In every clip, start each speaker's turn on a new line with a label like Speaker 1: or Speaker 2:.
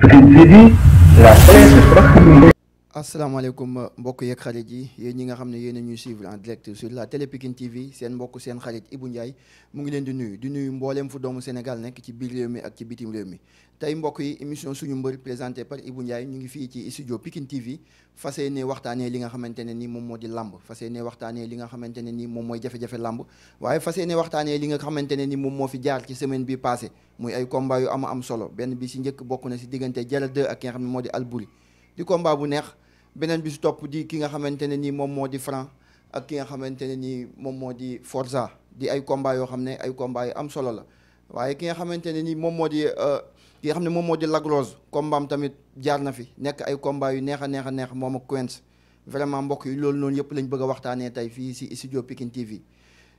Speaker 1: Porque inclusive la prensa, asalaamaaleykum mbokk yeeg xarit yi yéen ñi nga xam ne yéen a ñuy suivre en direct sur la télé Pikine TV seen mbokk seen xarit Ibou Ndiaye mu ngi leen di nuyu di nuyu mbooleem fu doomu Sénégal nekk ci biir réew mi ak ci bitim réew mi tey mbokk yi émission suñu mbër présenté par Ibou Ndiaye ñu ngi fii ci studio Pikine TV fas yéene waxtaanee li nga xamante ne ni moom moo di làmb fas yéene waxtaanee li nga xamante ne ni moom mooy jafe-jafe làmb waaye fas li nga xamante ne ni moom moo fi jaar ci semaine bi passé muy ay combat am solo benn bi si njëkk bokk na si diggante Diarra 2 ak ki nga xam ne moo di Albouri di neex beneen bi si topp di ki nga xamante ne nii moom moo di Franc ak ki nga xamante ne nii moom moo di Forza di ay combat yoo xam ne ay combat yu am solo la waaye ki nga xamante ne nii moom moo di euh, ki nga xam ne moo di Lac Rose kombaam tamit jaar na fi nekk ay combat yu neex a neex a neex moom ak Quench vraiment mbokk yi loolu noonu yëpp lañ bëgg waxtaanee tey fii si si Pikine TV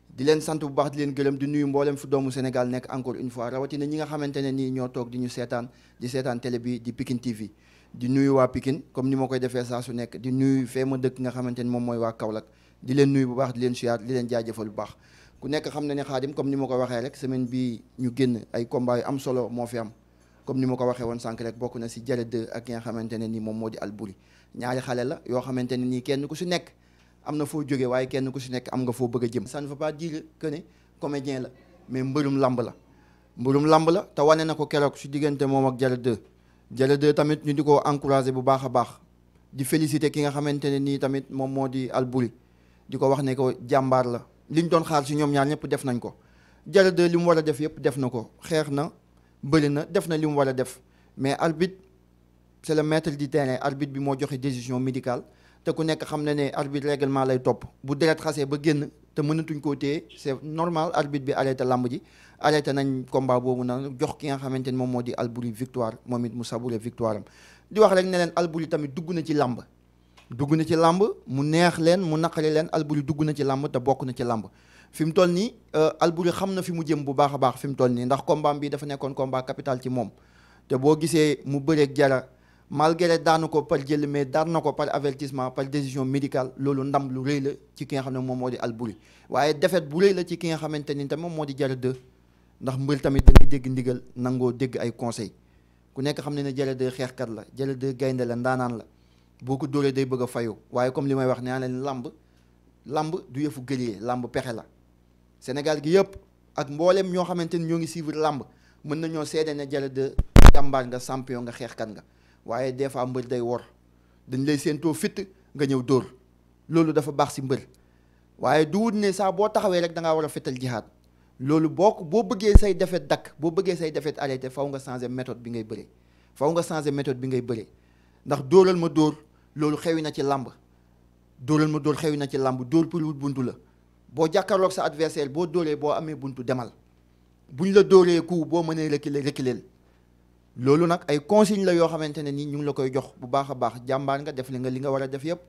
Speaker 1: di leen sant bu baax di gërëm di nuyu mboolem fu doomu nekk encore une fois rawatina ñi xamante ne nii ñoo toog di ñu seetaan di seetaan bi di Pikine TV di nuyu waa Pikine comme ni ma koy defee saa su nekk di nuyu fee ma dëkk nga xamante ni moom mooy waa Kaolack di leen nuyu bu baax di leen suyaat di leen jaajëfal bu baax ku nekk xam na ne xaadim comme ni ma ko waxee rek semaine bi ñu génn ay combat yu am solo moo fi am comme ni ma ko waxee woon sànq rek bokk na si Jare 2 ak ki nga xamante ne ni moom moo di Albouri ñaari xale la yoo xamante ne nii kenn ku si nekk am na foo jógee waaye kenn ku si nekk am nga foo bëgg jëm ça ne veut pas dire que ne la mais mbërum lamb la lamb la te na ko keroog si diggante moom ak Jare Jalle tamit ñu di ko encouragé bu baax a baax di félicité ki nga xamante ne nii tamit moom moo di Alboury di ko wax ne ko jàmbaar la liñ doon xaar si ñoom ñaar ñëpp def nañ ko Jalle li mu war a def yëpp def na ko xeex na bëri na def na li mu war a def mais arbitre c'est le maître du terrain bi moo joxe décision médical te ku nekk xam na ne arbitre règlement lay topp bu deret xasee ba génn te mënatuñ koo téye c'est normal arbitre bi arrêté lamb ji arrêté nañ combat boobu nag jox ki nga xamante ni moom moo di Albouri victoire moom it mu sabouré victoire am di wax rek ne leen Albouri tamit dugg na ci lamb dugg na ci lamb mu neex leen mu naqari leen Albouri dugg na ci làmb te bokk na ci làmb fi mu toll nii euh, Albouri xam na fi mu jëm bu baax a baax fi mu toll nii ndax combat bi dafa nekkoon combat capital ci moom te boo gisee mu bëreeg jara malgré daanu ko par jël mais daan na ko par avertissement par décision médical loolu ndam lu rëy la ci ki nga xam ne moom moo di Albouri waaye défaite bu rëy la ci ki nga xamante ni tamit moom moo di Diarra 2 ndax mbër tamit da dégg ndigal nangoo dégg ay conseil ku nekk xam ne ne Diarra 2 xeexkat la Diarra 2 gaynde la ndaanaan la boo ko dóoree day bëgg a fayoo waaye comme li may wax nee leen lamb lamb du yëfu gër gërie lamb pexe la Sénégal gi yëpp ak mboolem ñoo xamante ni ñoo ngi suivre lamb mën nañoo seede ne Diarra 2 jàmbaar nga champion nga xeexkat nga waaye des fois mbër day wor dañ lay séentoo fitt nga ñëw dóor loolu dafa baax si mbër waaye du wut ne saa boo taxawee rek da war a fetal jihaad loolu boo ko boo bëggee say defet dakk boo bëggee say defet arrêté faw nga changer méthode bi ngay bëre faw nga changer méthode bi ngay bëree ndax dóoral ma dóor loolu xewi na ci làmb dóoral ma dóor xewi na ci làmb dóor pour wut buntu la boo jàkkaarloog sa adversaire boo dóoree boo amee buntu demal buñ la dóoree ku boo mënee reculer reculer loolu nag ay consigne la yoo xamante ne ni ñu ngi la koy jox bu baax a baax jàmbaar nga def li nga li nga war a def yëpp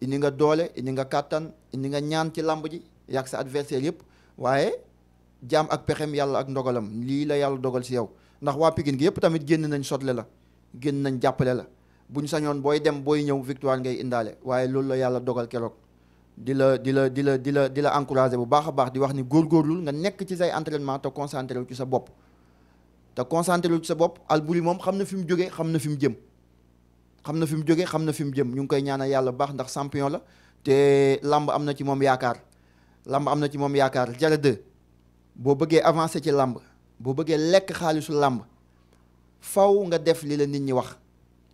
Speaker 1: indi nga doole indi nga kàttan indi nga ñaan ci làmb ji yàgg sa adversaire yëpp waaye jaam ak pexem yàlla ak ndogalam lii la yàlla dogal si yow ndax waa Pikine gi yëpp tamit génn nañ sotle la génn nañ jàppale la bu buñ sañoon booy dem booy ñëw victoire ngay indaale waaye loolu la yàlla dogal keroog di la di la di la di la di la encouragé bu baax baax di wax ni góorgóorlul nga nekk ci say entraînement te concentré wu ci sa bopp te concentré lu ci sa bopp Alboury moom xam na fi mu jógee xam na fi mu jëm xam na fi mu jógee xam na fi mu jëm ñu ngi koy ñaanal yàlla baax ndax champion la te làmb am na ci moom yaakaar làmb am na ci moom yaakaar Diarra 2 boo bëggee avancer ci lamb boo bëggee lekk xaalisu làmb faw nga def li la nit ñi wax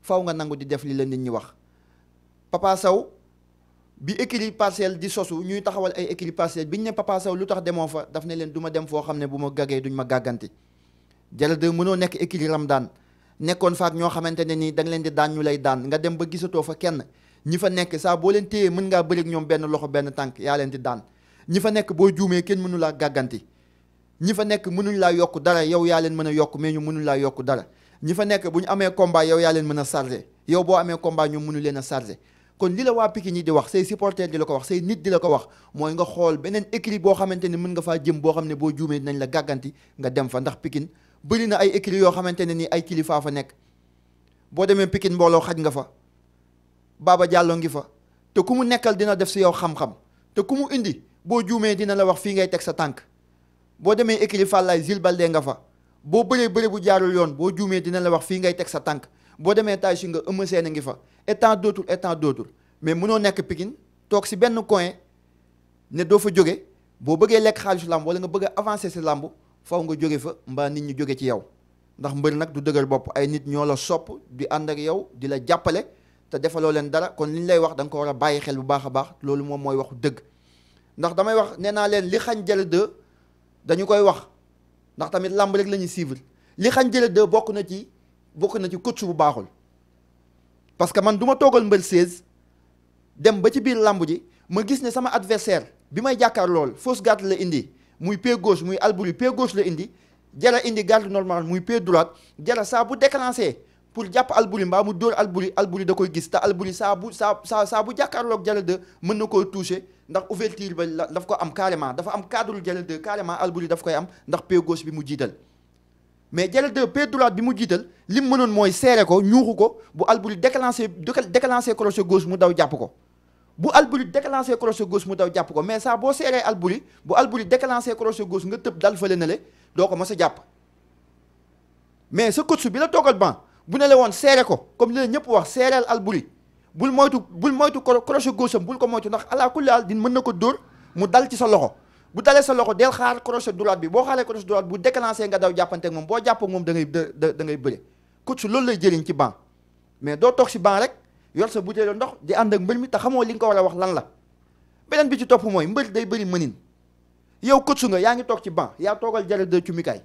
Speaker 1: faw nga nangu di def li la nit ñi wax Papa Sow bi écurie Parcelles di sosu ñuy taxawal ay écurie Parcelles biñ ne Papa Sow lu tax demoo fa daf ne leen du ma dem foo xam ne bu ma gaggee duñ ma gàgganti Jalle de mënoo nekk écurie daan nekkoon faak ñoo xamante ne nii da leen di daan ñu lay daan nga dem ba gisatoo fa kenn ñi fa nekk saa boo leen téyee mën ngaa bëri ñoom benn loxo benn tànk yaa leen di daan ñi fa nekk boo juumee kenn mënu gàgganti ñi fa nekk mënuñ laa yokk dara yow yaa leen mën a yokk mais ñu mënuñ laa yokk dara ñi fa nekk bu ñu amee combat yaa leen mën a chargé yow boo amee combat ñoom mënu leen a kon li la waa Pikine ñi di wax say supporter di la ko wax say nit di la ko wax mooy nga xool beneen écurie boo xamante ne mën nga faa jëm boo xam ne boo juumee la gàgganti nga dem fa ndax Pikine bëri na ay écrits yoo xamante ne nii ay kilifaa fa nekk boo demee pikin mbooloo xaj nga fa Baba Diallo ngi fa te ku mu nekkal dina def si yow xam-xam te ku mu indi boo juumee dina la wax fii ngay teg sa tànk boo demee écrit Fallaye Zil nga fa boo bëree bëri bu jaarul yoon boo juumee dina la wax fii ngay teg sa tànk boo demee tay si nga ëmm seen ngi fa et tant d'autres et tant mais munoo nekk Pikine toog si benn coin ne doo fa jóge boo bëggee lekk xaalisu làmb wala nga bëgg avancer si làmb faw nga jóge fa mbaa nit ñu jóge ci yow ndax mbër nag du dëgër bopp ay nit ñoo la sopp di ànd ak yow di la jàppale te defaloo leen dara kon li ñu lay wax danga ko war a bàyyi xel bu baax a baax loolu moom mooy waxu dëgg ndax damay wax nee naa leen li xañ jële deux dañu koy wax ndax tamit làmb rek la ñuy suivre li xañ jële deux bokk na ci bokk na ci coach bu baaxul parce que man duma ma toogal mbër 16 dem ba ci biir làmb ji ma gis ne sama adversaire bi may jàkkaar lool fausse indi muy pied gauche muy Albouri pied gauche la indi Diarra indi garde normal muy pied droite Diarra saa bu déclenché pour jàpp Albouri mbaa mu dóor Albouri Albouri da koy gis te Albouri saa bu saa saa saa bu jàkkaarloog Diarra 2 mën na koo touché ndax ouverture ba la daf ko am carrément dafa am cadre Diarra 2 carrément Albouri daf koy am ndax pied gauche bi mu jiital. mais Diarra 2 pied droite bi mu jiital li mu mënoon mooy serré ko ñuuxu ko bu Albouri déclenché déclenché crochet gauche mu daw jàpp ko. bu alburi déclenché crochet gauche mu daw jàpp ko mais saa boo seeree alburi bu alburi déclenché crochet gauche nga tëb dal fële na le doo ko mës a jàpp mais sa coach bi la toogal ban bu ne la woon seere ko comme li la ñëpp wax seereel alburi bul moytu bul moytu crochet gauche am bul ko moytu ndax alaa kulli haal din mën na ko dóor mu dal ci sa loxo bu dalee sa loxo del xaar crochet droite bi boo xaaree crochet droite bu déclenché nga daw jàppante ak moom boo moom da ngay da ngay loolu lay jëriñ ci ban mais doo toog si ban rek. yor sa butéelu ndox di ànd ak mbër mi te xamoo li nga ko war a wax lan la beneen bi ci topp mooy mbër day bëri mënin yow coach nga yaa ngi toog ci banc yaa toogal Jalle de cumikaay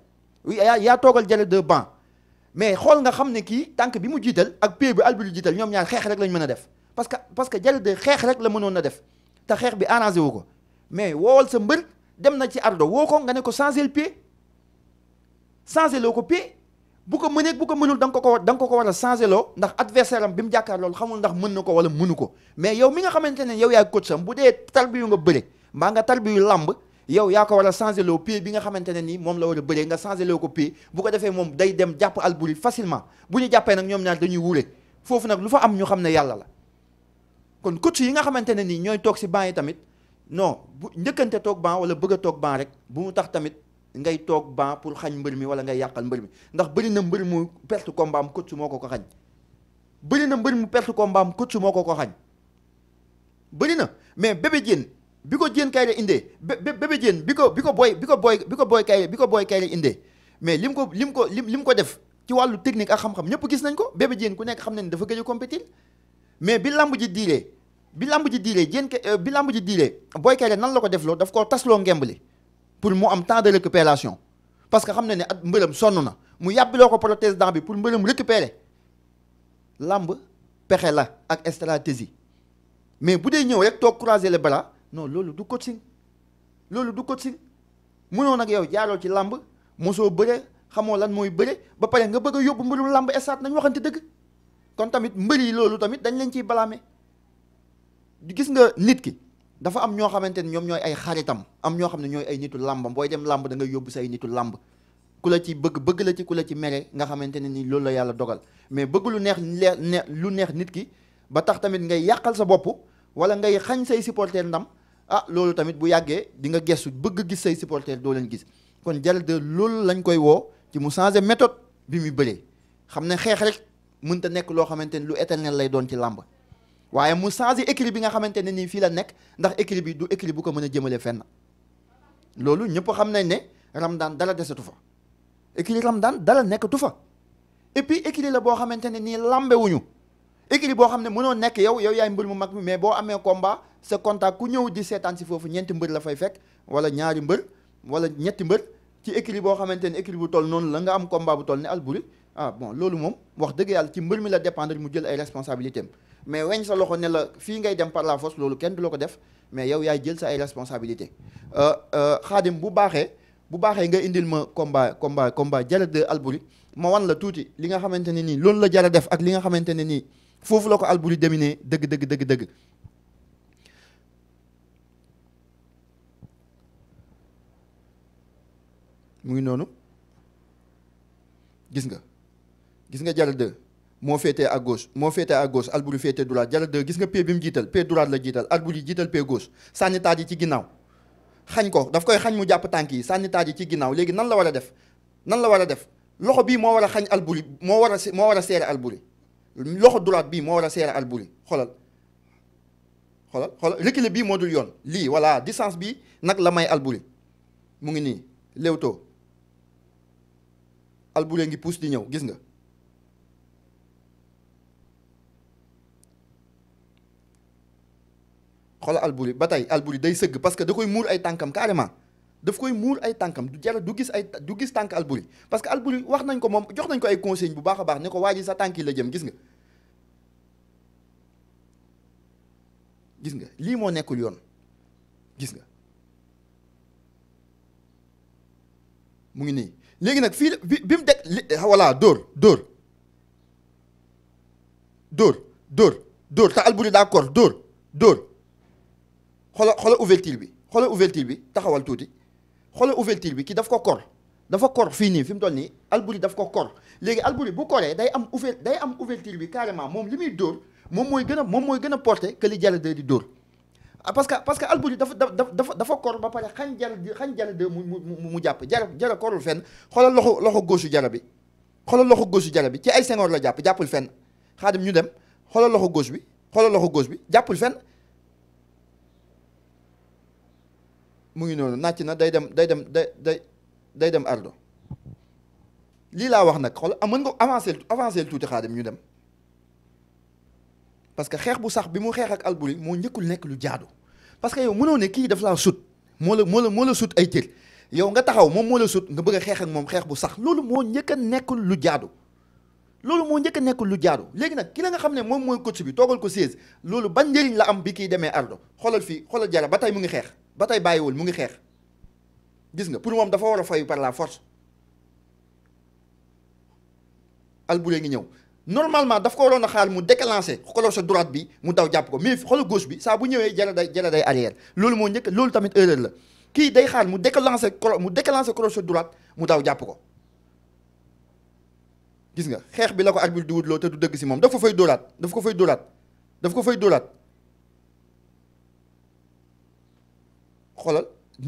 Speaker 1: yaa yaa toogal Jalle de banc mais xool nga xam ne kii tànk bi mu jiital ak pied bi albiru jiital ñoom ñaar xeex rek lañ mën a def parce que parce que Jalle de xeex rek la mënoon a def te xeex bi arrangé wu ko mais woowal sa mbër dem na ci ardo woo ko nga ne ko changer le pied loo ko pied bu ko mëneeg bu ko mënul da nga ko ko da ko ko war a changé loo ndax adversaire am bi mu jàkkaar loolu xamul ndax mën na ko wala mënu ko mais yow mi nga xamante ne yow yaay coach am bu dee tarbiyu nga bëre mbaa nga tarbiyu làmb yow yaa ko war a changé loo pied bi nga xamante ne nii moom la war a bëree nga changé loo ko pied bu ko defee moom day dem jàpp Albouri facilement bu ñu jàppee nag ñoom ñaar dañuy wuure foofu nag lu fa am ñu xam ne yàlla la kon coach yi nga xamante ne nii ñooy toog si banc yi tamit non bu njëkkante toog banc wala bëgg toog banc rek bu mu tax tamit ngay toog ban pour xañ mbër mi wala ngay yàqal mbër mi ndax bëri na mbër mu perte combat mbaam coach moo ko ko xañ bëri na mbër mu perte combat am coach moo ko ko xañ bëri na mais bébé jéen bi ko jéen kay la indee bébé jéen bi ko bi ko booy bi ko booy bi ko booy kay bi ko booy kay la indee mais lim ko lim ko lim lim ko def ci wàllu technique ak xam-xam ñëpp gis nañ ko bébé jéen ku nekk xam nañ dafa gëj a compétir mais bi lamb ji diiree bi lamb ji diiree jéen euh, bi lamb ji diiree booy kay nan la ko defloo daf koo tasloo ngemb pour mu am temps de récupération parce que xam na ni at mbërëm sonn na mu yàbbiloo ko prothèse dent bi pour mbërëm récupérer làmb pexe la ak stratégie mais bu dee ñëw rek toog croiser les bras non loolu du coaching loolu du coaching mënoon nag yow jaaroo ci làmb mosoo bëre xamoo lan mooy bëre ba pare nga bëgg yóbbu mbërum làmb estaat nañ waxante dëgg kon tamit mbër yi loolu tamit dañ leen ciy balaame gis nga nit ki dafa am ñoo xamante ne ñoom ñooy ay xaritam am ñoo xam ne ñooy ay nitu làmbam booy dem làmb da ngay yóbbu say nitu làmb ku la ci bëgg bëgg la ci ku la ci mere nga xamante ne ni loolu la yàlla dogal mais bëgg lu neex ne lu neex nit ki ba tax tamit ngay yàqal sa bopp wala ngay xañ say supporter ndam ah loolu tamit bu yàggee di nga gestu bëgg gis say supporter doo leen gis kon Jalle de loolu lañ koy woo ci mu changé méthode bi muy bëree xam ne xeex rek te nekk loo xamante ne lu éternel lay doon ci làmb waaye mu changé écrit bi nga xamante ne nii fii la nekk ndax écrit bi du écrit bu ko mën a jëmale fenn loolu ñëpp xam nañ ne Ramadane dara desatu fa écrit Ramadane dara nekkatu fa et puis la boo xamante ne nii lambewuñu écrit boo xam ne mënoo nekk yow yow yaay mbër mu mag mi mais boo amee combat sa ku ñëw di seetaan si foofu ñeenti mbër la fay fekk wala ñaari mbër wala ñetti mbër ci écrit boo xamante ne écrit bu toll noonu la nga am combat bu toll ne Alboury ah bon loolu moom wax dëgg yàlla ci mbër mi la dépendre mu jël ay responsabilités am mais weñ sa loxo ne la fii ngay dem par la force loolu kenn du la ko def mais yow yaay jël sa ay responsabilité xaadim euh, euh, bu baaxee bu baaxee nga indil ma combat combat combat Diarra 2 Albouri ma wan la tuuti li nga xamante ne nii loolu la Diarra def ak li nga xamante ne nii foofu la ko Albouri dominé dëgg dëgg dëgg dëgg mu ngi noonu gis nga gis nga Diarra moo féetee à gauche moo féetee à gauche Albouri féetee droite Diarra 2 gis nga pied bi mu jiital pied droite la jiital Albouri jiital pied gauche sànni taat yi ci ginnaaw xañ ko daf koy xañ mu jàpp tànk yi sànni taat yi ci ginnaaw léegi nan la war a def nan la war a def loxo bii moo war a xañ Albouri moo war a moo war a seere Albouri loxo droite bii moo war a seere Albouri xoolal xoolal xoolal reculer bii moo dul yoon lii voilà distance bi nag la may Albouri mu ngi nii léewtoo Albouri ngi pousse ñëw gis nga xoola alburi ba tey alburi day sëgg parce que da koy muur ay tànkam carrément daf koy muur ay tànkam du jara du gis ay du gis tànk alburi parce que alburi wax nañ ko moom jox nañ ko ay conseil bu baax a baax ne ko waa ji sa tànk yi la jëm gis nga gis nga lii moo nekkul yoon gis nga mu ngi nii léegi nag fii bi bi mu de voilà dóor dóor dóor dóor dóor te alburi d'accord dóor dóor xolo xolo ouverture bi xolo ouverture bi taxawal tuuti xolo ouverture bi ki daf ko kor dafa kor fii nii fi mu toll nii Albouri daf ko kor léegi Albouri bu koree day am ouvert day am ouverture bi carrément moom li muy dóor moom mooy gën a moom mooy gën a porté que li Diallo 2 di dóor ah, parce que parce que Albouri dafa dafa dafa kor ba pare xañ Diallo xañ Diallo 2 mu mu mu jàpp Diallo Diallo korul fenn xoolal loxo loxo gauche Diallo bi xoolal loxo gauche Diallo bi ci ay Senghor la jàpp jàppul fenn Xaadim ñu dem xoolal loxo gauche bi xoolal loxo gauche bi jàppul fenn mu ngi noonu nàcc na day dem day dem day day day dem ardo lii laa wax nag xool ah, mën nga avancer avancer tuuti xaadim ñu dem parce que xeex bu sax bi mu xeex ak Albouri moo njëkkul nekk lu jaadu parce que yow mënoo ne kii daf sut moo la moo la sut ay tir yow nga taxaw moom moo la sut nga bëgg a moom xeex bu sax loolu moo njëkk a nekkul lu jaadu loolu moo njëkk a lu jaadu léegi nag ki la nga xam ne moom mooy coach bi toogal ko siège loolu ban njëriñ la am bi kiy demee ardo xoolal fii xoolal jara ba tey mu ngi xeex ba tey bàyyiwul mu ngi xeex gis nga pour moom dafa war a fayu par la force Alboury ngi ñëw normalement daf ko waroon a xaar mu déclenché xoolal sa droite bi mu daw jàpp ko mais xoolal goos bi saa bu ñëwee jara day jara arrière loolu moo njëkk loolu tamit erreur la kii day xaar mu déclenché cro mu déclenché crochet droite mu daw jàpp ko gis nga xeex bi la ko arbitre di wut loo te du dëgg si moom daf ko fay dóoraat daf ko fay dóoraat daf ko fay dóoraat xoolal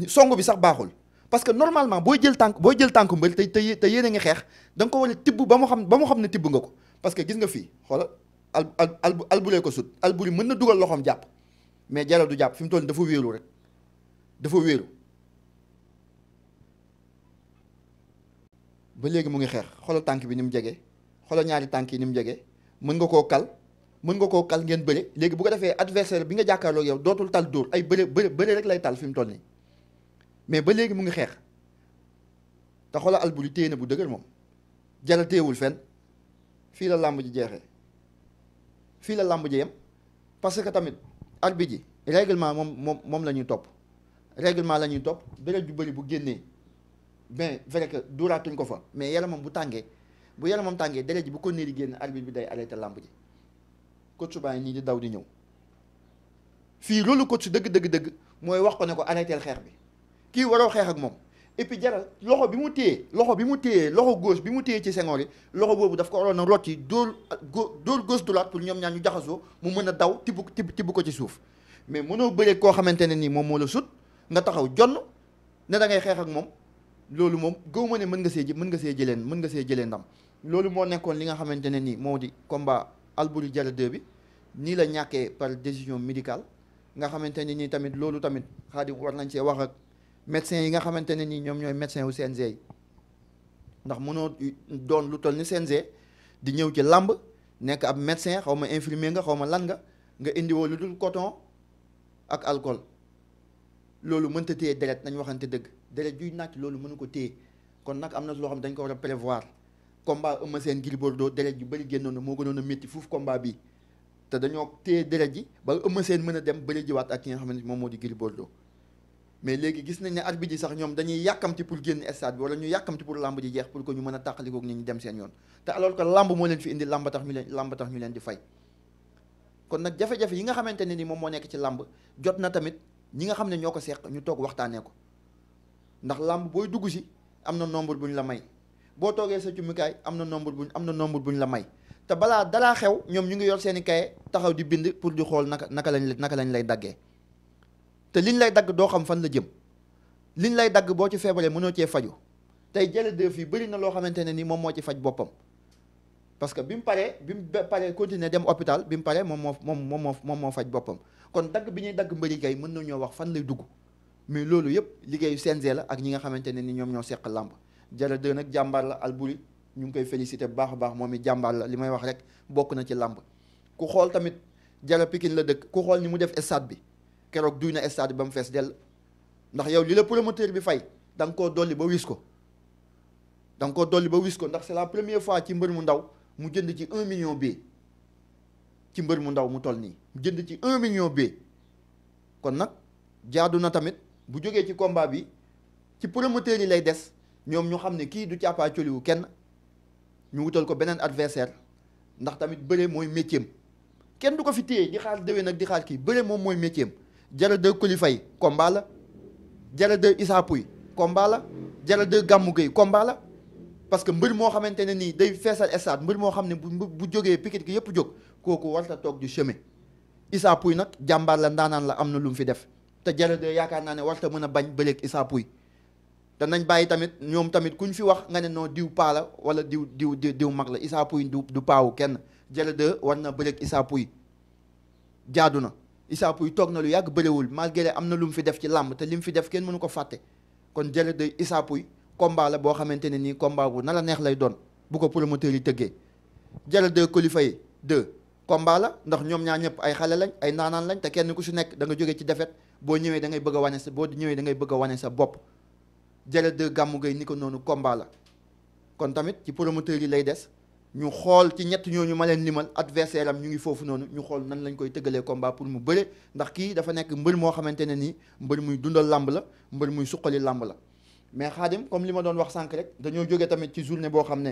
Speaker 1: songu bi sax baaxul parce que normalement booy jël tànk booy jël tànk mbër te te te yéen a ngi xeex da ko war a tibb ba mu xam ba mu xam ne tibb nga ko parce que gis nga fii xoolal al al albulee ko sut albuli mën na dugal loxoom jàpp mais jara du jàpp fi mu toll dafa wéeru rek dafa wéeru ba léegi mu ngi xeex xoolal tànk bi ni mu jege xoolal ñaari tànk yi ni mu jege mën nga koo kal mën nga koo kal ngeen bëre léegi bu ko defee adversaire bi nga jàkkaarloo yow dootul tal dóor ay bëre bëre bëre rek lay tal fi mu toll nii mais ba léegi mu ngi xeex te xoolal Alboury téye na bu dëgër moom jara fen fii la làmb ji jeexee fii la làmb ji yem parce que tamit arbitre ji règlement moom moom moom la ñuy topp règlement la ñuy topp deret ju bëri bu génnee bien vrai que ko fa mais yaramam bu tàngee bu yaramam tàngee deret ji bu ko néeri génn arbitre bi day arrêté làmb ji coach baa ngi ñii di daw di ñëw fii loolu coach dëgg dëgg dëgg mooy wax ko ne ko arrêteel xeex bi kii waroo xeex ak moom et jaral loxo bi mu téyee loxo bi mu téye loxo gauche bi mu téyee ci Senghor yi loxo boobu daf ko waroon a rotti dóor dóor gauche droite pour ñoom ñaa ñu jaxasoo mu mën a daw tibb tibb tibb ko ci suuf mais mënoo bëre koo xamante ne nii moom moo la sut nga taxaw jonn ne da ngay xeex ak moom loolu moom gëw ma ne mën nga see mën nga see jëleen mën nga see jëlee ndam moo nekkoon li nga xamante ne nii moo di combat Alboury Diarra 2 bi nii la ñàkkee par décision médicale nga xamante ni nii tamit loolu tamit xaadi war nañ see wax ak médecins yi nga xamante ne nii ñoom ñooy médecin wu CNG yi ndax mënoo doon lu toll ni CNG di ñëw ci làmb nekk ab médecin xaw ma infirmier nga xaw ma lan nga nga indiwoo lu dul coton ak alcool loolu mënta téye deret nañ waxante dëgg deret juy nàcc loolu mënu ko téye kon nag am na loo xam dañ ko war a prévoir combat Eumeu Sène Gris Bordeaux deret ju bëri génnoon moo gënoon a métti fuuf combat bi te dañoo téye deret ji ba Eumeu Sène mën a dem bëri jiwaat ak ki nga xamante ni moom moo di Gris Bordeaux mais gis nañ ne arbitre yi sax ñoom dañuy yàkkamti pour génn stade wala ñu yàkkamti pour làmb ji jeex pour a tàqalikoog ni ñu dem seen yoon te alors que làmb moo leen fi indi làmb tax ñu leen làmb tax ñu leen di fay kon nag jafe-jafe yi nga xamante ne ni moom moo nekk ci làmb jot na tamit ñi nga xam ne ñoo ko seq ñu toog waxtaanee ko ndax làmb booy dugg si am na nombre bu ñu la may boo toogee sa cumukaay am na nombre buñ am na nombre buñ la may te balaa daraa xew ñoom ñu ngi yor seen i kaye taxaw di bind pour di xool naka naka lañ naka lañ lay daggee te li ñu lay dagg doo xam fan la jëm ñu lay dagg boo ci feebaree mënoo cee faju tey jële deux fii bëri na loo xamante ne ni moom moo ci faj boppam parce que bi mu paree bi mu paree continuer dem hôpital bi mu paree moom moo moom moom moo moom moo faj boppam kon dagg bi ñuy dagg mbëri kay mën na ñoo wax fan lay dugg mais loolu yëpp liggéeyu CNG la ak ñi nga xamante ne ni ñoom ñoo seq làmb jara dë nag jàmbar la Albouri ñu ngi koy félicité bu baax a baax moom i jàmbaar la li may wax rek bokk na ci làmb ku xool tamit jara Pikine la dëkk ku xool ni mu def estade bi keroog duy na estade bi ba mu fees dell ndax yow li la promoteur bi fay da nga dolli ba wis ko da nga dolli ba wis ko ndax c'est la première fois ci mbër mu ndaw mu jënd ci un million bi ci mbër mu ndaw mu toll nii jënd ci un million bi kon nag jaadu na tamit bu jógee ci combat bi ci promoteur yi lay des ñoom ñu xam ne kii du càppaa coliwu kenn ñu wutal ko beneen adversaire ndax tamit bëre mooy métier kenn du ko fi téye di xaar déwén nag di xaar kii bëre moom mooy métier am Diarra 2 Coly Faye combat la Diarra 2 Issa Pouye combat la Diarra 2 parce que mbër moo xamante ne nii day feesal stade mbër moo xam ne bu bu jógee pikit ki yëpp jóg kooku warta toog di chemin Issa Pouye nag jàmbaar la ndaanaan la am na lu mu fi def te Diarra 2 yaakaar naa ne warta mën a bañ bëreeg Issa Pouye danañ bàyyi tamit ñoom tamit ku ñu fi wax nga ne non diw paa la wala diw diw diw mag la Issa Pouye du du paawu kenn Jalle 2 war na bëreeg Issa Pouye jaadu na Issa Pouye toog na lu yàgg bëriwul malgré am na lu mu fi def ci làmb te li mu fi def kenn mënu ko fàtte kon Jalle 2 Issa Pouye la boo xamante ne nii combat bu na la neex lay doon bu ko promoteur yi tëggee Jalle 2 Coly Faye 2 la ndax ñoom ñaar ñëpp ay xale lañ ay naanaan lañ te kenn ku si nekk da nga jógee ci defet boo ñëwee da ngay wane sa boo ñëwee da bëgg a wane sa bopp Diarra 2 Gamou Gueye ni ko noonu combat la kon tamit ci promoteurs yi lay des ñu xool ci ñett ñooñu ma leen limal adversaire am ñu ngi foofu noonu ñu xool nan lañ koy tëggalee komba pour mu bëre ndax kii dafa nekk mbër moo xamante ne nii mbër muy dundal làmb la mbër muy suqali làmb la mais xaadim comme li ma doon wax sànq rek dañoo jógee tamit ci journée boo xam ne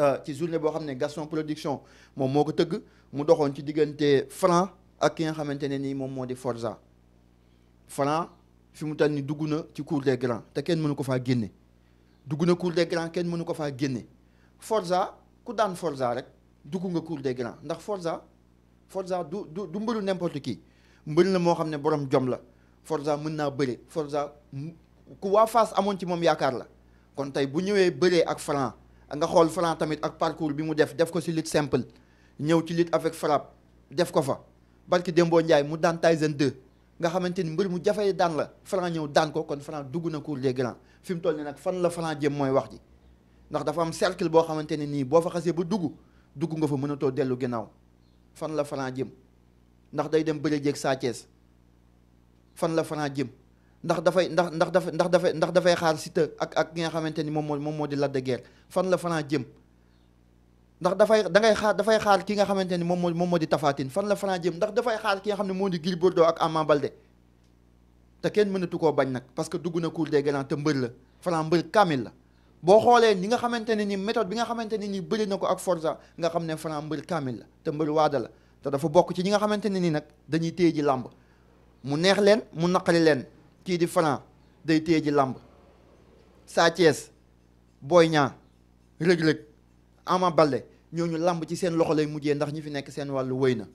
Speaker 1: euh, ci journée boo xam ne Gaston Production moom moo ko tëgg mu doxoon ci diggante Franc ak ki nga xamante ne nii moom moo di Forza fi mu toll ni dugg na ci cour des grand te kenn mënu ko faa génne dugg na cour des grands kenn mënu ko faa génne Forza ku daan Forza rek dugg nga cour des grands ndax Forza Forza du du du mbëru n'importe kii mbër la moo xam ne borom jom la Forza mën naa bëre Forza ku waa fas amoon ci moom yaakaar la kon tey bu ñëwee bëree ak Franc nga xool Franc tamit ak parcours bi mu def def ko si lutte simple ñëw ci lutte avec frappe def ko fa barki Dembo Ndiaye mu daan Tyson 2 nga xamante ni mbër mu jafee daan la Franc ñëw daan ko kon Franc dugg na cour des grands fi mu toll nii nag fan la Franc jëm mooy wax ji ndax dafa am cercle boo xamante ne nii boo fa xasee ba dugg dugg nga fa mënatoo dellu ginnaaw fan la Franc jëm ndax day dem bëre jeeg Sa fan la Franc jëm ndax dafay ndax ndax dafay ndax dafay ndax dafay xaar Siteu ak ak ki nga xamante ni moom moo moom moo di Lac de fan la Franc jëm. ndax dafay dangay xaar dafay xaar ki nga xamante ni moom moo moom moo di tafaatin fan la Franc jëm ndax dafay xaar ki nga xam ne moo di Gris Bordeaux ak Ama Baldé te kenn mënatu koo bañ nag parce que dugg na cour des grands te mbër la Franc mbër kaamil la boo xoolee ñi nga xamante ne ni méthode bi nga xamante ne ni bëri na ko ak Forza nga xam ne Franc mbër kaamil la te mbër waada la te dafa bokk ci ñi nga xamante ne ni nag dañuy téye ji làmb mu neex leen mu naqari leen kii di Franc day téye ji làmb Sa Thiès Boy Niang Reug Reug Ama Baldé ñooñu làmb ci seen loxo lay mujjee ndax ñi fi nekk seen wàllu wëy na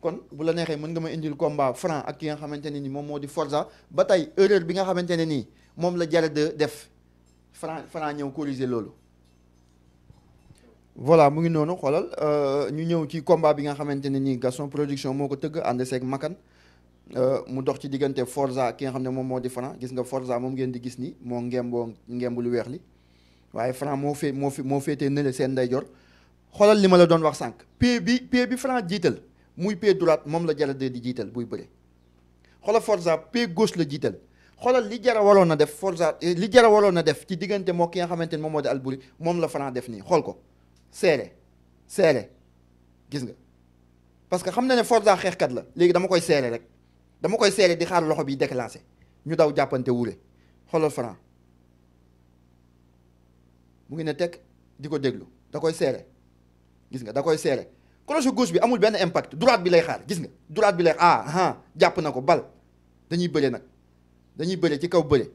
Speaker 1: kon bu la neexee mën nga ma indil combat franc ak ki nga xamante ne ni moom moo di Forza ba tey bi nga xamante ne nii moom la Jared de def franc ñëw corriger loolu. voilà mu ngi noonu xoolal euh, ñu ñëw ci combat bi nga xamante ne nii Gaston production moo ko tëgg ànd seeg Makan euh, mu dox ci diggante Forza ki nga xam ne moom moo di Franc gis nga Forza moom ngeen di gis ni moo ngemboo ngemb lu weex li waaye Franc moo fee moo fi moo féetee seen ndeyjoor xoolal li ma la doon wax sànq pied bi pied bi Franc jiital muy pied droite moom la Jara de di jiital buy bëre xoolal Forza pied gauche la jiital xoolal li Jara waroon na def Forza eh, li Jara waroon na def ci diggante moo ki nga xamante ni moom moo di Albouri moom la Franc def nii xool ko seere seere gis nga parce que xam na ne Forza xeexkat la léegi dama koy seere rek dama koy seere di xaar loxo bi déclenché ñu daw jàppante wure xoolal Franc mu ngi ne teg di ko déglu da koy seere gis nga da koy serré crochet gauche bi amul benn impact droite bi lay xaar gis nga droite bi lay ah, ah jàpp na ko bal dañuy bëre nag dañuy bëre ci kaw bëre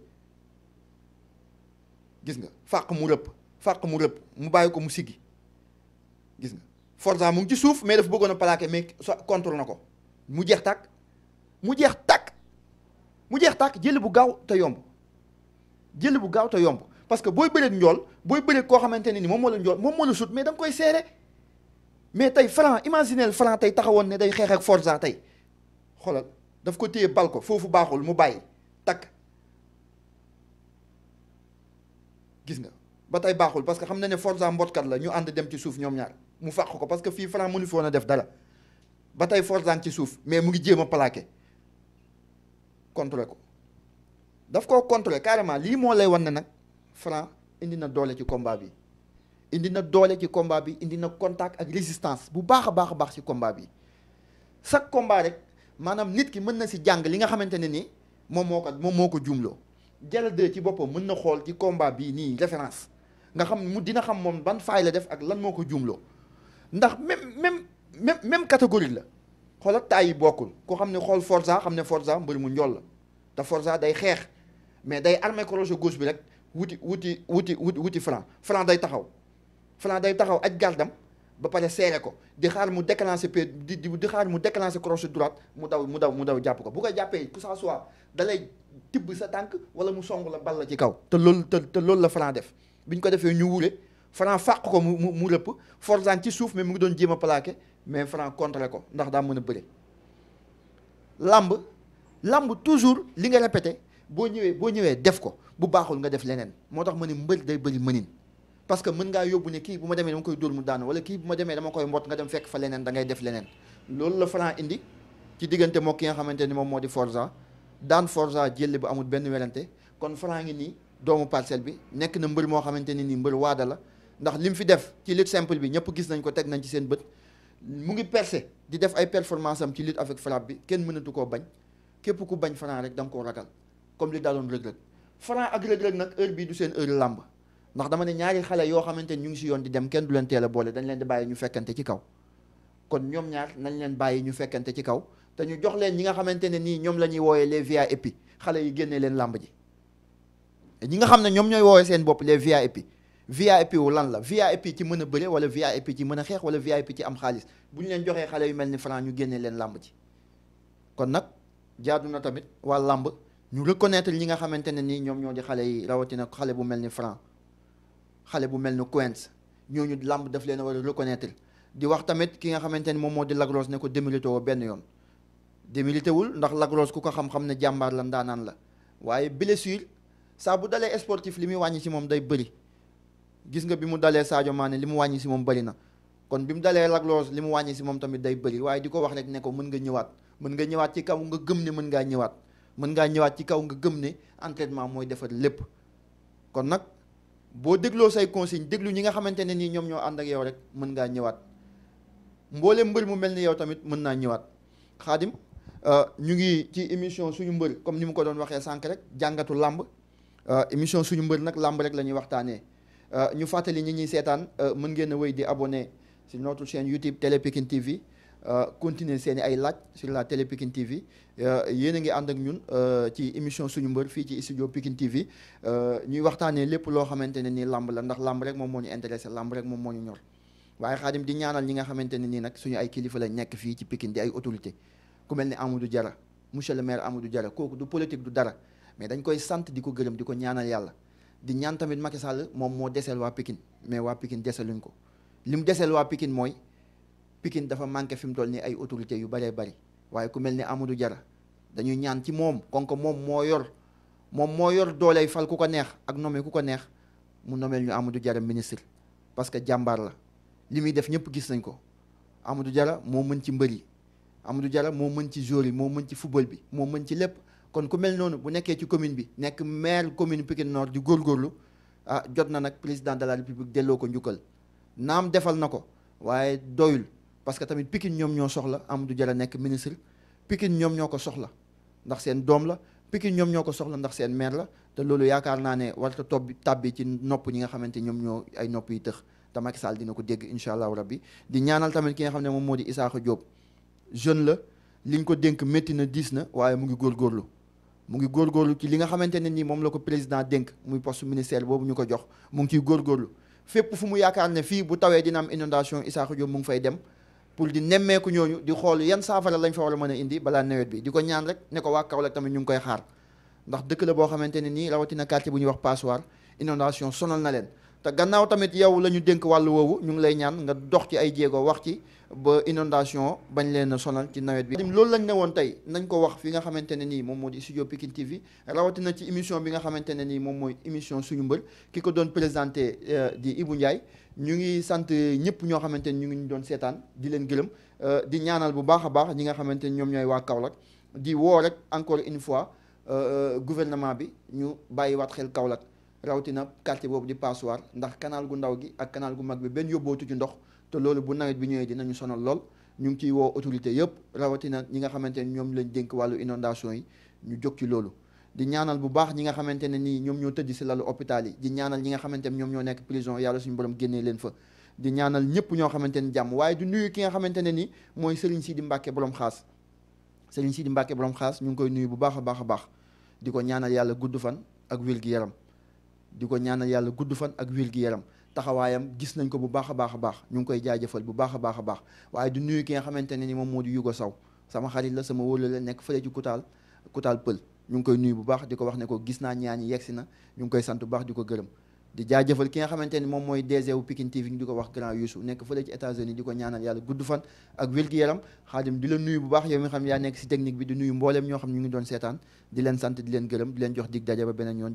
Speaker 1: gis nga fàq mu rëpp fàq mu rëpp mu bàyyi ko mu siggi gis nga Forza mu ngi ci suuf mais dafa bëggoon palaake plaqué mais contre na ko mu jeex tàkk mu jeex tàkk mu jeex tàkk jël bu gaaw te yomb jël bu gaaw te yomb parce que booy bëreet njool booy bëreet koo xamante ni moom moo la njool moom moo la sut mais da koy seere mais tey Franc imaginez Franc tey taxawoon ne day xeex ak Forza tey xoolal daf ko téye bal ko foofu baaxul mu bàyyi takk gis nga ba tey baaxul parce que xam na ne Forza mbotkat la ñu ànd dem ci suuf ñoom ñaar mu fàq ko parce que fii Franc mënu fi woon a def dara ba tey Forza ci suuf mais mu ngi jéem a plaqué contré ko daf ko contré carrément lii moo lay wan ne nag Franc indi na doole ci combat bi. indi na doole ci combat bi indi na contact ak résistance bu baax a baax a baax ci combat bi sac combat rek maanaam nit ki mën na si jàng li nga xamante ne ni moom moo ko moom moo ko jumloo Diallo 2 ci boppam mën na xool ci combat bii nii référence nga xam mu dina xam moom ban faay la def ak lan moo ko jumloo ndax même même même même catégorie la xoolat taay bokkul ko xam ne xool Forza xam ne Forza mbër mu njool la te Forza day xeex mais day armé crochet gauche bi rek wuti wuti wuti wuti franc franc day taxaw Franc day taxaw ak gardam ba pare seere ko di xaar mu déclencher pied di di xaar mu déclencher crochet droite mu daw mu daw mu daw jàpp ko bu ko jàppee que ça soit da lay tibb sa tànk wala mu song la bal la ci kaw te loolu te te loolu la Franc def bi ñu ko defee ñu wure Franc fàq ko mu mu mu for Forzan ci suuf mais mu ngi doon jéem a plaqué mais Franc contré ko ndax daa mën a bëre làmb lamb toujours li nga répété boo ñëwee boo ñëwee def ko bu baaxul nga def leneen moo tax ma ne mbër day bëri mënin parce que mën ngaa yóbbu ne kii bu ma demee dama koy dóor mu daanu wala kii bu ma demee dama koy mbot nga dem fekk fa leneen da def leneen loolu la Franc indi ci diggante moo ki nga xamante ni moom moo di Forza daan Forza jëlle bu amul benn werante kon Franc ngi nii doomu parcelle bi nekk na mbër moo xamante ni nii mbër waada la ndax li mu fi def ci lutte simple bi ñëpp gis nañ ko teg nañ ci seen bët mu ngi perse di def ay performance am ci lutte avec frappe bi kenn mënatu koo bañ képp ku bañ Franc rek da koo ragal comme li daaloon Reug Reug Franc ak Reug du seen heure làmb ndax dama ne ñaari xale yoo xamante ni ñu ngi si yoon di dem kenn du leen teel a boole dañ leen di bàyyi ñu fekkante ci kaw kon ñoom ñaar nañ leen bàyyi ñu fekkante ci kaw te ñu jox leen ñi nga xamante ne nii ñoom la ñuy wooyee les VIP xale yi génnee leen ji ñi nga xam ne ñoom ñooy woowee seen bopp les VIP VIP wu lan la VIP ci mën a bëre wala VIP ci mën a xeex wala VIP ci am xaalis bu leen joxee xale yu mel ni Franc ñu génnee leen làmb ji kon nag jaadu na tamit waa làmb ñu reconnaître ñi nga xamante ne nii ñoom ñoo di xale yi rawatina xale bu mel ni Franc xale bu mel ni Quench ñooñu làmb daf leen a war a reconnaître di wax tamit ki nga xamante ni moom moo di Lagros ne ko démérité benn yoon démérité wul ndax Lagros ku ko xam-xam ne jàmbaar la ndaanaan la waaye blessure saa bu dalee sportif li muy wàññi si moom day bëri gis nga bi mu dalee Sadio Mané li mu wàññi si moom bëri na kon bi mu dalee Lagros li mu wàññi si moom tamit day bëri waaye di ko wax rek ne ko mën nga ñëwaat mën nga ñëwaat ci kaw nga gëm ne mën ngaa ñëwaat mën ñëwaat ci kaw nga gëm ne entraînement mooy defar lépp kon boo dégloo say consigne déglu ñi nga xamante ne nii ñoom ñoo ànd ak yow rek mën ngaa ñëwaat mboole mbër mu mel ni yow tamit mën naa ñëwaat xaadim euh, ñu ngi ci émission suñu mbër comme ni mu ko doon waxee sànq rek jàngatu làmb euh, émission suñu mbër nag làmb rek la ñuy waxtaanee euh, ñu fàttali ñi ñuy seetaan mën ngeen a wéy di abonné si notre chaîne YouTube Télé Pikine TV Euh, continuer seen ay laaj sur la télé Pikine TV euh, yéen a ngi ànd ak ñun euh, ci émission suñu mbër fii ci studio Pikine TV ñuy waxtaanee lépp loo xamante ne nii làmb la ndax làmb rek moom moo ñu intéressé làmb rek moom moo ñu ñor waaye xaadim di ñaanal ñi nga xamante ne nii nag suñu ay kilifa la nekk fii ci pikin di ay autorité ku mel ni Amadou Diarra monsieur le maire Amadou jara kooku du politique du dara mais dañ koy sant di ko gërëm di ko ñaanal yàlla di ñaan tamit Macky Sall moom moo deseel waa mais waa Pikine deseluñ ko li mu deseel waa Pikine mooy Pikine dafa manqué fim toll nii ay autorités yu bëree bëri waaye ku mel ni Amadou Diarra dañuy ñaan ci moom kon ko moom moo yor moom moo yor dooley fal ku ko neex ak nommé ku ko neex mu nommé ñu Amadou jara ministre parce que jàmbaar la li muy def ñëpp gis nañ ko Amadou Diarra moo mën ci mbër yi Amadou Diarra moo mën ci joueur yi moo mën ci football bi moom mën ci lépp kon ku mel noonu bu nekkee ci commune bi nekk maire commune Pikine Nord di góorgóorlu ah jot na nag président de la république delloo ko njukkal defal na ko parce que tamit Pikine ñoom ñoo soxla du Diarra nekk ministre Pikine ñoom ñoo ko soxla ndax seen doom la Pikine ñoom ñoo ko soxla ndax seen maire la te loolu yaakaar naa ne warta tob tàbbi ci nopp ñi nga xamante ñoom ñoo ay nopp yi tëx te Macky Sall dina ko dégg incha allahu rabbi di ñaanal tamit ki nga xam ne moom moo di Isaaxa Diop jeune la li liñ ko dénk métti na diis na waaye mu ngi góor góorlu mu ngi góor góorgóorlu ci li nga xamante ne nii moom la ko président dénk muy poste ministère boobu ñu ko jox mu ngi ciy góorgóorlu fépp fu mu yaakaar ne fii bu tawee dina am inondation Isaaxa mu ngi fay dem pour di nemmeeku ñooñu di xool yan saafara lañ fa war a mën a indi balaa nawet bi di ko ñaan rek ne ko waa Kaolack tamit ñu ngi koy xaar ndax dëkk la boo xamante ne nii rawatina quartier bu ñuy wax Passoire inondation sonal na leen te gannaaw tamit yow la ñu dénk wàllu woowu ñu ngi lay ñaan nga dox ci ay jéego wax ci ba inondation bañ leen sonal ci nawet bi loolu lañ ne woon tey nañ ko wax fi nga xamante ne nii moom moo di studio Pikine TV rawatina ci émission bi nga xamante ne nii moom mooy émission suñu mbër ki ko doon présenté euh, di Ibou Ndiaye ñu ngi sant ñëpp ñoo xamante ni ñu ngi ñu doon seetaan di leen gërëm euh, di ñaanal bu baax a baax ñi nga xamante ni ñoom ñooy waa Kaolack di woo rek encore une fois euh, euh, gouvernement bi ñu bàyyi waat xel Kaolack rawatina quartier boobu di Passoir ndax kanaal gu ndaw gi ak canal gu mag bi benn yóbbootu ci ndox te loolu bu nawet bi ñëwee dinañu sonal lool ñu ngi ciy woo autorité yëpp rawatina ñi nga xamante ni ñoom lañ dénk wàllu inondation yi ñu jóg ci loolu. di ñaanal bu baax ñi nga xamante ne nii ñoom ñoo tëdd si lalu hôpital yi di ñaanal ñi nga xamante ne ñoom ñoo nekk prison yàlla suñu borom génnee leen fa di ñaanal ñëpp ñoo xamante ni jàmm waaye du ki nga xamante ne nii mooy Serigne Sidi Mbacke borom xaas Serigne Sidi Mbacke borom xaas ñu ngi koy nuyu bu baax a a baax di ko ñaanal yàlla gudd fan ak wér yaram di ko ñaanal yàlla gudd fan ak wér yaram taxawaayam gis nañ ko bu baax a baax a baax ñu ngi koy jaajëfal bu baax a baax a baax waaye du nuyu ki nga xamante ne ni moom moo di Yugo Saw sama xarit la sama wóolu la nekk fële ci Kutaal Kutaal Pël ñu ngi koy nuyu bu baax di ko wax ne ko gis naa ñaan yi yegsi na ñu ngi koy sant bu baax di ko gërëm di jaajëfal ki nga xamante moom mooy DG wu Pikine TV ñu di ko wax grand Youssou nekk fële ci États-Unis di ko ñaanal yàlla gudd fan ak wér-gu-yaram xaadim di la nuyu bu baax yow mi xam yaa nekk si technique bi di nuyu mbooleem ñoo xam ñu ngi doon seetaan di leen sant di leen gërëm di leen jox dig daje beneen yoon